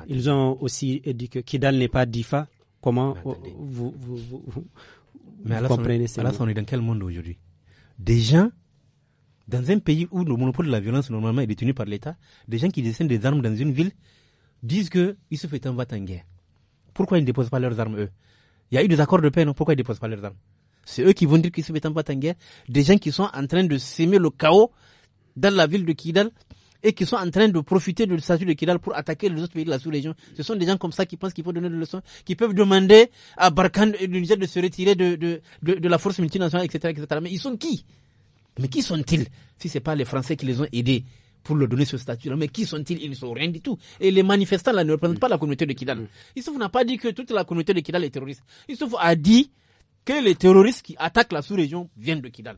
S1: Ils ont aussi dit que Kidal n'est pas Difa. Comment euh, vous, vous, vous, mais vous on
S2: est dans quel monde aujourd'hui Des gens, dans un pays où le monopole de la violence normalement est détenu par l'État, des gens qui dessinent des armes dans une ville disent que Issoufou est un Vatanguer. Pourquoi ils ne déposent pas leurs armes, eux Il y a eu des accords de paix, Pourquoi ils ne déposent pas leurs armes c'est eux qui vont dire qu'ils se mettent en en guerre. Des gens qui sont en train de s'aimer le chaos dans la ville de Kidal et qui sont en train de profiter du statut de Kidal pour attaquer les autres pays de la sous-région. Ce sont des gens comme ça qui pensent qu'il faut donner des leçons, qui peuvent demander à Barkhane et de de se retirer de, de, de, la force multinationale, etc., etc. Mais ils sont qui Mais qui sont-ils si ce n'est pas les Français qui les ont aidés pour leur donner ce statut-là. Mais qui sont-ils Ils ne sont rien du tout. Et les manifestants là ne représentent pas la communauté de Kidal. Mm. Yusuf n'a pas dit que toute la communauté de Kidal est terroriste. Yusuf a dit que les terroristes qui attaquent la sous-région viennent de Kidal.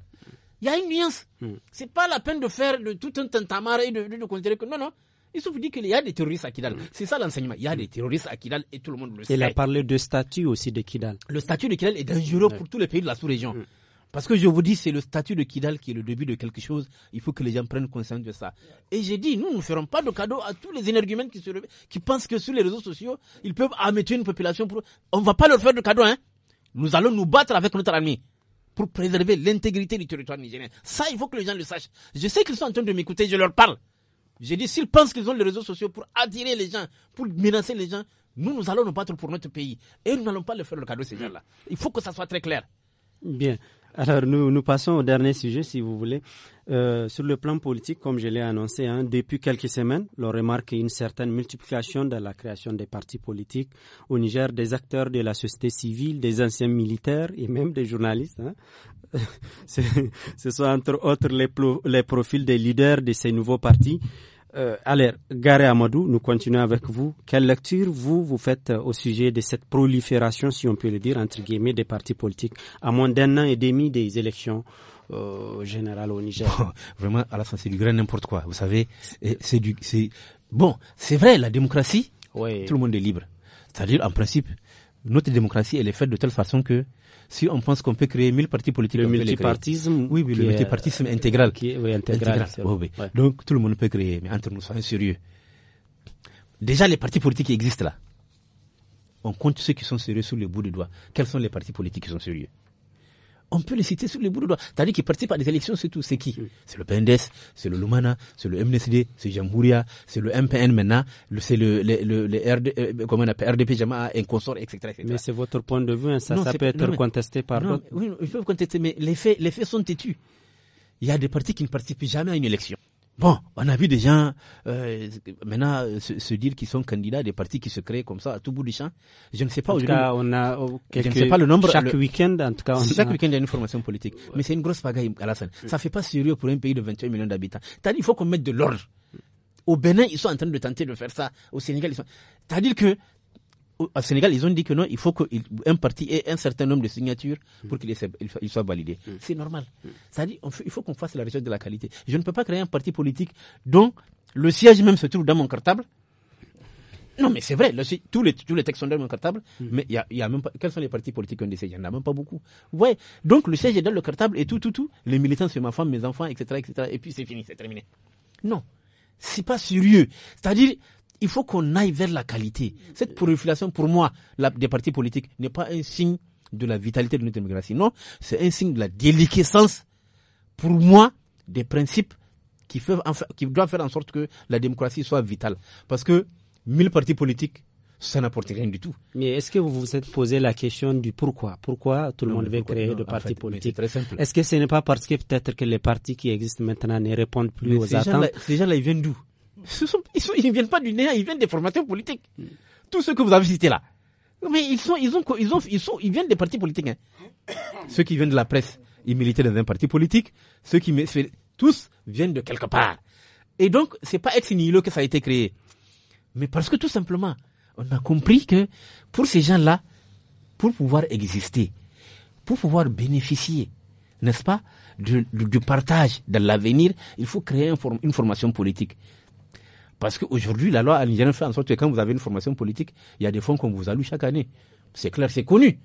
S2: Il y a une nuance. Hmm. C'est pas la peine de faire de tout un tintamarre et de, considérer que non, non. Il vous dit qu'il y a des terroristes à Kidal. Hmm. C'est ça l'enseignement. Il y a des terroristes à Kidal et tout le monde le sait. Il a
S1: parlé de statut aussi de Kidal. Le statut
S2: de Kidal est dangereux pour tous les pays de la sous-région. Hmm. Parce que je vous dis, c'est le statut de Kidal qui est le début de quelque chose. Il faut que les gens prennent conscience de ça. Et j'ai dit, nous ne ferons pas de cadeau à tous les énergumènes qui, se... qui pensent que sur les réseaux sociaux, ils peuvent amettre une population pour. On ne va pas leur faire de cadeau, hein. Nous allons nous battre avec notre ami pour préserver l'intégrité du territoire nigérien. Ça, il faut que les gens le sachent. Je sais qu'ils sont en train de m'écouter, je leur parle. Je dis, s'ils pensent qu'ils ont les réseaux sociaux pour attirer les gens, pour menacer les gens, nous, nous allons nous battre pour notre pays. Et nous n'allons pas le faire le cadeau, ces gens-là. Il faut que ça soit très clair.
S1: Bien. Alors nous, nous passons au dernier sujet, si vous voulez. Euh, sur le plan politique, comme je l'ai annoncé, hein, depuis quelques semaines, l'on remarque une certaine multiplication de la création des partis politiques au Niger, des acteurs de la société civile, des anciens militaires et même des journalistes. Hein. (laughs) ce sont entre autres les, les profils des leaders de ces nouveaux partis. Euh, alors, Gare Amadou, nous continuons avec vous. Quelle lecture vous vous faites euh, au sujet de cette prolifération, si on peut le dire, entre guillemets, des partis politiques à moins d'un an et demi des élections euh, générales au Niger à la fin, c'est du grain n'importe quoi. Vous savez, c'est du, c'est bon, c'est vrai, la
S2: démocratie, tout le monde est libre. C'est-à-dire, en principe, notre démocratie, elle est faite de telle façon que si on pense qu'on peut créer mille partis politiques, le multipartisme, oui, oui, le multipartisme intégral, qui est, oui, intégral, oui, oui. Donc tout le monde peut créer, mais entre nous, c'est sérieux. Déjà, les partis politiques existent là. On compte ceux qui sont sérieux sous le bout du doigt. Quels sont les partis politiques qui sont sérieux on peut les citer sur les bouts de doigts. cest qu'ils participent à des élections, c'est tout. C'est qui C'est le PNDS, c'est le Lumana, c'est le MNSD, c'est Jambouria, c'est le MPN maintenant, c'est le, le, le, RD, euh, comment on appelle, RDP Jamaa, un consort, etc., Mais c'est votre point de vue, hein, ça, ça peut être contesté par d'autres. Oui, je peux contester, mais les faits, les faits sont têtus. Il y a des partis qui ne participent jamais à une élection. Bon, on a vu des gens euh, maintenant se, dire qu'ils sont candidats des partis qui se créent comme ça à tout bout du champ. Je ne sais pas. En tout cas, on a oh, je ne sais pas le nombre. Chaque week-end, en tout cas, chaque week-end il y a une formation politique. Mais c'est une grosse pagaille, Alassane. Mm. Ça ne fait pas sérieux pour un pays de 21 millions d'habitants. Il faut qu'on mette de l'ordre. Mm. Au Bénin, ils sont en train de tenter de faire ça. Au Sénégal, ils sont. C'est-à-dire que au Sénégal, ils ont dit que non, il faut qu'un parti ait un certain nombre de signatures pour qu'il soit validé. Mm. C'est normal. Mm. C'est-à-dire, il faut qu'on fasse la recherche de la qualité. Je ne peux pas créer un parti politique dont le siège même se trouve dans mon cartable. Non, mais c'est vrai, tous, les, tous les textes sont dans mon cartable, mm. mais il y a, même quels sont les partis politiques qu'on ont Il n'y en a même pas beaucoup. Ouais, donc le siège est dans le cartable et tout, tout, tout. Les militants, c'est ma femme, mes enfants, etc., etc. Et puis c'est fini, c'est terminé. Non, c'est pas sérieux. C'est-à-dire, il faut qu'on aille vers la qualité. Cette prolifération, pour moi, des partis politiques n'est pas un signe de la vitalité de notre démocratie. Non, c'est un signe de la déliquescence, pour moi, des principes qui, doivent faire en sorte que la démocratie soit vitale. Parce que
S1: mille partis politiques, ça n'apporte rien du tout. Mais est-ce que vous vous êtes posé la question du pourquoi Pourquoi tout le monde veut créer des de partis politiques Est-ce que ce n'est pas parce que peut-être que les partis qui existent maintenant ne répondent plus aux attentes Ces gens-là, ils viennent d'où
S2: ils, ne viennent pas du néant, ils viennent des formations politiques. Tous ceux que vous avez cités là. Mais ils sont, ils ont, ils viennent des partis politiques. Hein. ceux qui viennent de la presse, ils militaient dans un parti politique. Ceux qui, tous viennent de quelque part. Et donc, c'est pas ex que ça a été créé. Mais parce que tout simplement, on a compris que pour ces gens-là, pour pouvoir exister, pour pouvoir bénéficier, n'est-ce pas, du, partage de l'avenir, il faut créer une formation politique. Parce qu'aujourd'hui, la loi algérienne fait en sorte que quand vous avez une formation politique, il y a des fonds qu'on vous alloue chaque année. C'est clair, c'est connu.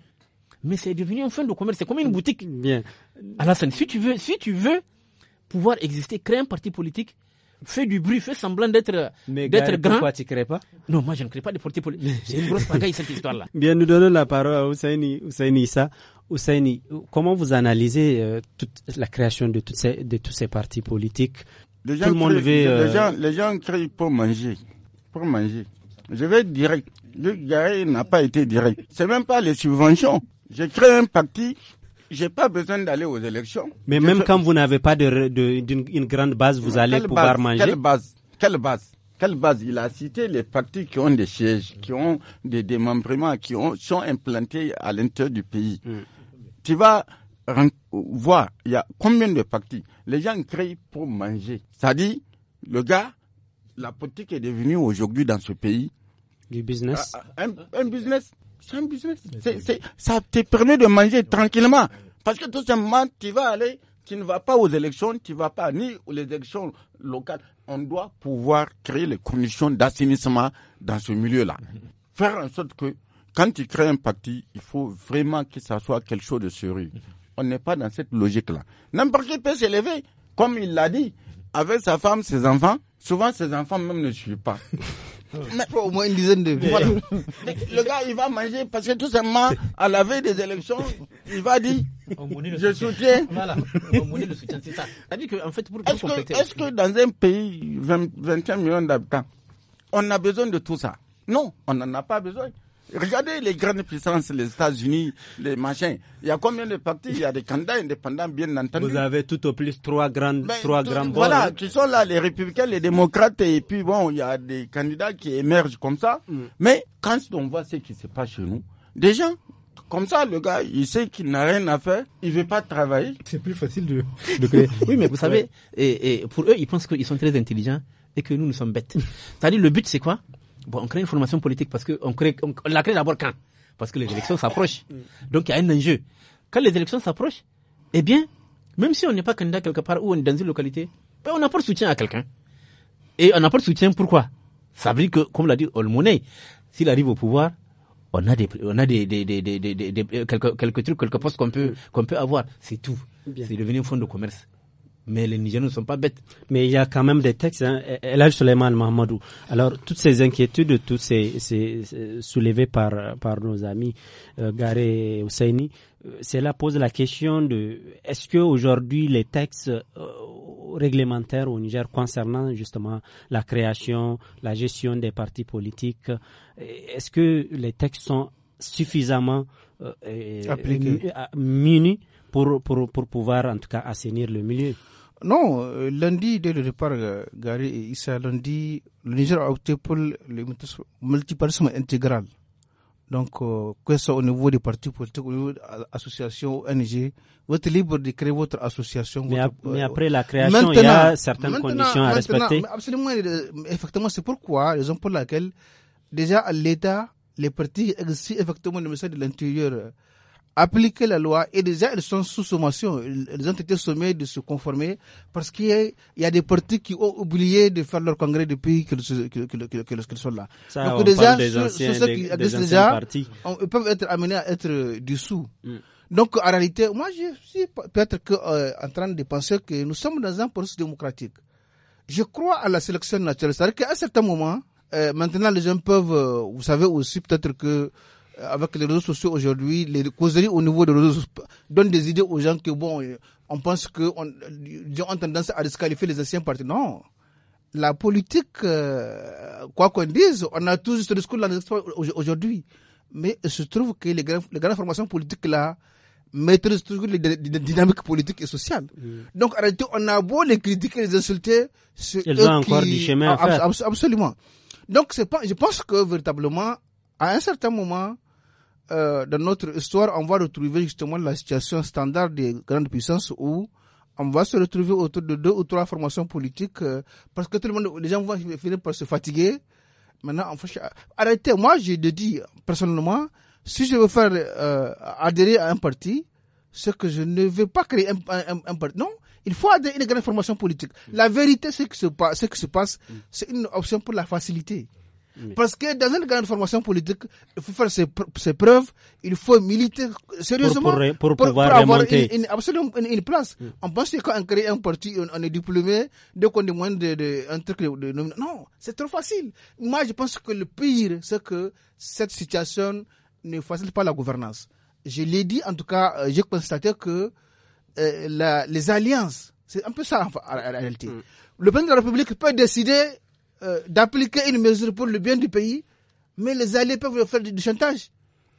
S2: Mais c'est devenu un fonds de commerce. C'est comme une boutique. Bien. Alassane, si tu veux, si tu veux pouvoir exister, créer un parti politique, fais du bruit, fais semblant d'être d'être grand. Pourquoi tu crées pas Non, moi je ne crée pas de parti politique. C'est une grosse pagaille cette histoire-là.
S1: (laughs) Bien, nous donnons la parole à Ousseini, Ousseini Issa. Ousseini, comment vous analysez euh, toute la création de, toutes ces, de tous ces partis
S4: politiques les gens tout Les, gens, pour manger. Pour manger. Je vais direct. Le gars n'a pas été direct. C'est même pas les subventions. J'ai créé un parti. J'ai pas besoin d'aller aux élections.
S1: Mais même quand vous n'avez pas de, de, d'une
S4: une grande base, vous allez pouvoir manger. Quelle base Quelle base Quelle base Il a cité les partis qui ont des sièges, qui ont des démembrements, qui ont, sont implantés à l'intérieur du pays. Hmm. Tu vas voir il y a combien de partis. Les gens créent pour manger. ça dit, le gars, la politique est devenue aujourd'hui dans ce pays. Du business. Ah, ah, un, business. C'est un business. ça te permet de manger tranquillement. Parce que tout simplement, tu vas aller, tu ne vas pas aux élections, tu ne vas pas ni aux élections locales. On doit pouvoir créer les conditions d'assainissement dans ce milieu-là. Faire en sorte que quand tu crées un parti, il faut vraiment que ça soit quelque chose de sérieux. On n'est pas dans cette logique-là. N'importe qui peut s'élever, comme il l'a dit, avec sa femme, ses enfants. Souvent, ses enfants même ne suivent pas. (laughs) au moins une dizaine de (laughs) Le gars, il va manger parce que tout simplement, à la veille des élections, il va dire Je soutiens. Voilà, le soutien, c'est ça. Est-ce que, dans un pays, 21 millions d'habitants, on a besoin de tout ça Non, on n'en a pas besoin. Regardez les grandes puissances, les États-Unis, les machins. Il y a combien de partis Il y a des candidats indépendants, bien entendu. Vous avez tout au plus trois grandes, ben, trois Voilà, qui sont là, les républicains, les démocrates, et puis bon, il y a des candidats qui émergent comme ça. Mm. Mais quand on voit ce qui se passe chez nous, des gens comme ça, le gars, il sait qu'il n'a rien à faire, il ne veut pas travailler. C'est plus facile de, (laughs) créer. oui, mais vous savez,
S2: et, pour eux, ils pensent qu'ils sont très intelligents et que nous, nous sommes bêtes. (laughs) C'est-à-dire, le but, c'est quoi on crée une formation politique parce qu'on on, la crée d'abord quand Parce que les élections s'approchent. Donc il y a un enjeu. Quand les élections s'approchent, eh bien, même si on n'est pas candidat quelque part ou on est dans une localité, ben, on apporte soutien à quelqu'un. Et on apporte soutien pourquoi Ça veut dire que, comme l'a dit Olmone, s'il arrive au pouvoir, on a des, on a des, quelques,
S1: trucs, quelques postes qu'on peut, qu'on peut avoir. C'est tout. C'est devenu un fonds de commerce. Mais les Nigériens ne sont pas bêtes. Mais il y a quand même des textes. Hein. Alors, toutes ces inquiétudes, toutes ces, soulevées par, par nos amis euh, Garé et Ousseini, euh, cela pose la question de est-ce que aujourd'hui les textes euh, réglementaires au Niger concernant justement la création, la gestion des partis politiques, euh, est-ce que les textes sont suffisamment
S3: munis pour, pour, pour pouvoir en tout cas assainir le milieu non, euh, lundi, dès le départ, euh, Gary et Issa, lundi, le Niger a opté pour le multipartisme intégral. Donc, euh, quest ce soit au niveau des partis politiques, au niveau des associations, ONG, vous êtes libre de créer votre association. Mais, après la création, il y a certaines conditions à respecter. Absolument, effectivement, c'est pourquoi, raison pour laquelle, déjà l'État, les partis existent effectivement le ministère de l'Intérieur appliquer la loi et déjà elles sont sous sommation. Elles ont été sommées de se conformer parce qu'il y, a des partis qui ont oublié de faire leur congrès depuis qu'ils que, que, sont là. Donc déjà, déjà, on, ils peuvent être amenés à être dessous. Mm. Donc en réalité, moi je suis peut-être que euh, en train de penser que nous sommes dans un processus démocratique. Je crois à la sélection naturelle, c'est-à-dire qu'à un certain moment, euh, maintenant les gens peuvent, euh, vous savez aussi peut-être que euh, avec les réseaux sociaux aujourd'hui, les causeries au niveau des réseaux sociaux donnent des idées aux gens que, bon, euh, on pense que on, ont tendance à disqualifier les anciens partis. Non. La politique, euh, quoi qu'on dise, on a tous ce discours-là aujourd'hui. Mais il se trouve que les, les grandes formations politiques, là, maîtrisent toujours les, dynamiques politiques et sociales. Donc, arrêtez, on a beau les critiquer, les insulter, c'est ont encore qui... du chemin à faire. absolument. Donc, c'est pas, je pense que véritablement, à un certain moment, euh, dans notre histoire, on va retrouver justement la situation standard des grandes puissances où on va se retrouver autour de deux ou trois formations politiques euh, parce que tout le monde, les gens vont finir par se fatiguer. Maintenant, fait, arrêtez. Moi, j'ai dire personnellement, si je veux faire euh, adhérer à un parti, c'est que je ne veux pas créer un, parti. Non, il faut adhérer à une grande formation politique. La vérité, c'est que ce qui se passe, mm. c'est une option pour la facilité. Parce que dans une grande formation politique, il faut faire ses, preuves, il faut militer sérieusement pour, avoir une, absolument une, place. On pense que quand on crée un parti, on, est diplômé, dès qu'on demande de, de, un truc Non, c'est trop facile. Moi, je pense que le pire, c'est que cette situation ne facilite pas la gouvernance. Je l'ai dit, en tout cas, euh, j'ai constaté que euh, les alliances, c'est un peu ça en, réalité. Le président de la République peut décider euh, d'appliquer une mesure pour le bien du pays, mais les alliés peuvent faire du, chantage.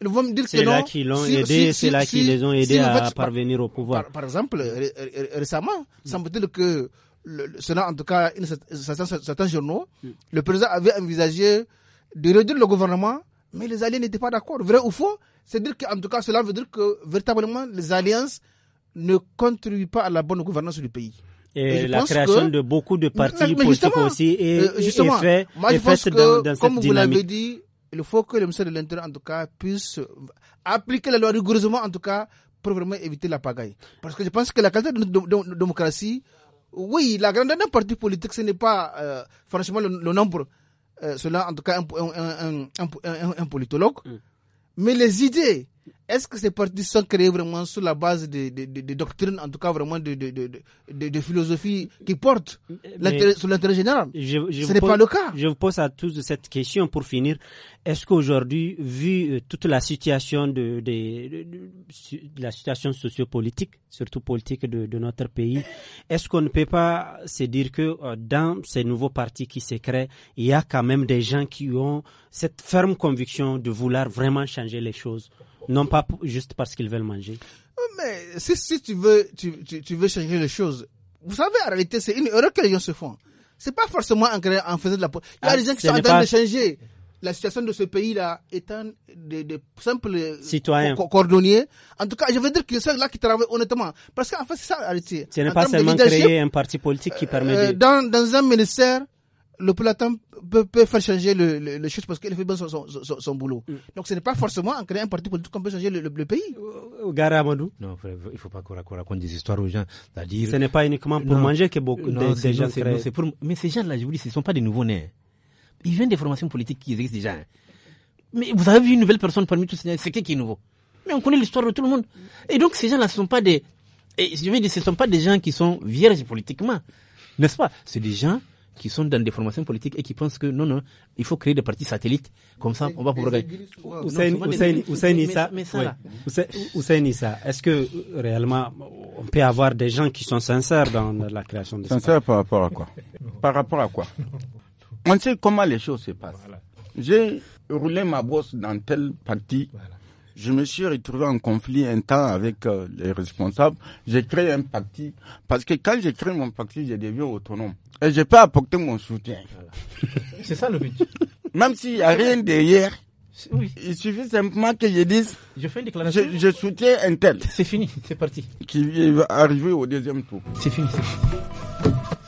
S3: Ils vont me dire que C'est là qu'ils l'ont aidé, c'est là qu'ils les ont aidés à
S1: parvenir au pouvoir.
S3: Par, exemple, récemment, ça semble t que, cela en tout cas, certains, journaux, mm. le président avait envisagé de réduire le gouvernement, mais les alliés n'étaient pas d'accord. Vrai ou faux C'est dire en tout cas, cela veut dire que véritablement, les alliances ne contribuent pas à la bonne gouvernance du pays et la création de beaucoup de partis politiques aussi est, euh, justement, que, comme vous l'avez dit, il faut que le ministère de l'Intérieur, en tout cas, puisse appliquer la loi rigoureusement, en tout cas, pour vraiment éviter la pagaille. Parce que je pense que la qualité de notre démocratie, oui, la grandeur d'un parti politique, ce n'est pas euh, franchement le, nombre. cela, euh, en tout cas, un, un, un, politologue. Mm. Mais les idées, est-ce que ces partis sont créés vraiment sur la base des doctrines, en tout cas vraiment de, de, philosophies qui portent sur l'intérêt général Ce n'est pas le cas.
S1: Je vous pose à tous cette question pour finir. Est-ce qu'aujourd'hui, vu euh, toute la situation de, la situation sociopolitique, surtout politique de, notre pays, est-ce qu'on ne peut pas se dire que euh, dans ces nouveaux partis qui se créent, il y a quand même des gens qui ont cette ferme conviction de vouloir vraiment changer les choses non pas juste parce qu'ils veulent manger. Euh,
S3: mais si, si tu, veux, tu, tu, veux changer les choses, vous savez, en réalité, c'est une erreur que les gens se font. C'est pas forcément en, faisant de la... Il y a ah, des gens qui sont en train de changer la situation de ce pays-là étant des, simples euh, citoyens, cordonniers. En tout cas, je veux dire que ceux-là qui travaillent honnêtement. Parce qu'en fait, c'est ça, réalité. Ce n'est pas seulement créer
S1: un parti politique qui
S2: permet euh, de...
S3: Dans, dans un ministère, le peloton peut, faire changer le, le, le chose parce qu'il fait bien son, son, son, boulot. Mm. Donc ce n'est pas forcément en créant un parti politique qu'on peut changer le, le pays. Euh,
S1: non,
S2: frère, il ne faut pas qu'on raconte des histoires aux gens. C'est-à-dire... Ce n'est pas uniquement pour manger que beaucoup non, des, des gens créent. Non, pour... Mais ces gens-là, je vous dis, ce ne sont pas des nouveaux-nés. Hein. Ils viennent des formations politiques qui existent déjà. Hein. Mais vous avez vu une nouvelle personne parmi tous ces gens, c'est qui qui est nouveau Mais on connaît l'histoire de tout le monde. Et donc ces gens-là, ce ne sont pas des... je veux dire, ce sont pas des gens qui sont vierges politiquement. N'est-ce pas C'est des gens qui sont dans des formations politiques et qui pensent que non, non, il faut créer des partis satellites.
S1: Comme ça, on va pouvoir gagner. Hussein ça. est-ce que euh, réellement on peut avoir des gens qui sont sincères dans la création de Sincères
S4: par rapport à quoi Par rapport à quoi On sait comment les choses se passent. J'ai roulé ma bosse dans tel parti. Je me suis retrouvé en conflit un temps avec euh, les responsables. J'ai créé un parti parce que quand j'ai créé mon parti, j'ai devenu autonome et j'ai pas apporter mon soutien. Euh, c'est ça le but. (laughs) Même s'il n'y a rien derrière, Il suffit simplement que je dise. Je fais une déclaration. Je, soutiens un tel. C'est fini, c'est parti. Qui va arriver au deuxième tour. C'est fini.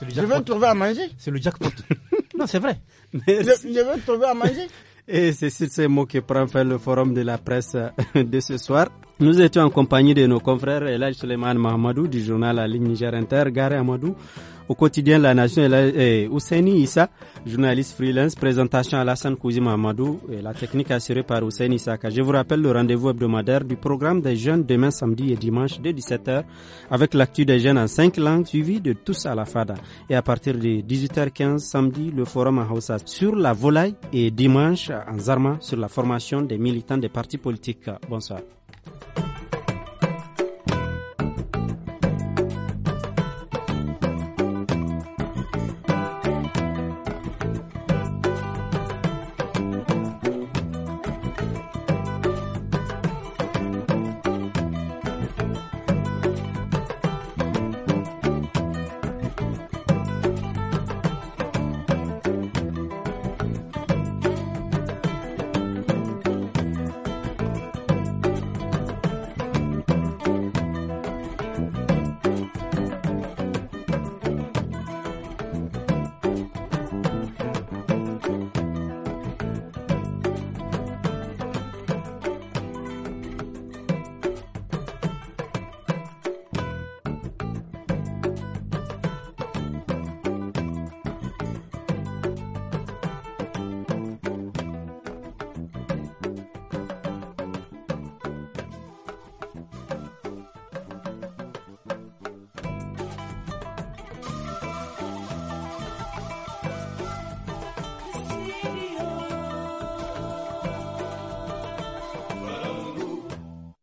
S4: Je vais trouver à manger. C'est le jackpot. (laughs) non, c'est vrai. je vais trouver à manger.
S1: Et c'est sur ces mots qui prend fin le forum de la presse (laughs) de ce soir. Nous étions en compagnie de nos confrères Elaj Suleiman Mahamadou du journal La Ligne Niger Inter, Garé Amadou, au quotidien La Nation et eh, Ousseini Issa, journaliste freelance, présentation à Alassane Kouzi Mahamadou et la technique assurée par Ousseini Issa. Je vous rappelle le rendez-vous hebdomadaire du programme des jeunes demain samedi et dimanche dès 17h avec l'actu des jeunes en cinq langues suivi de tous à la FADA. Et à partir de 18h15 samedi, le forum à Hausa sur la volaille et dimanche en Zarma sur la formation des militants des partis politiques. Bonsoir.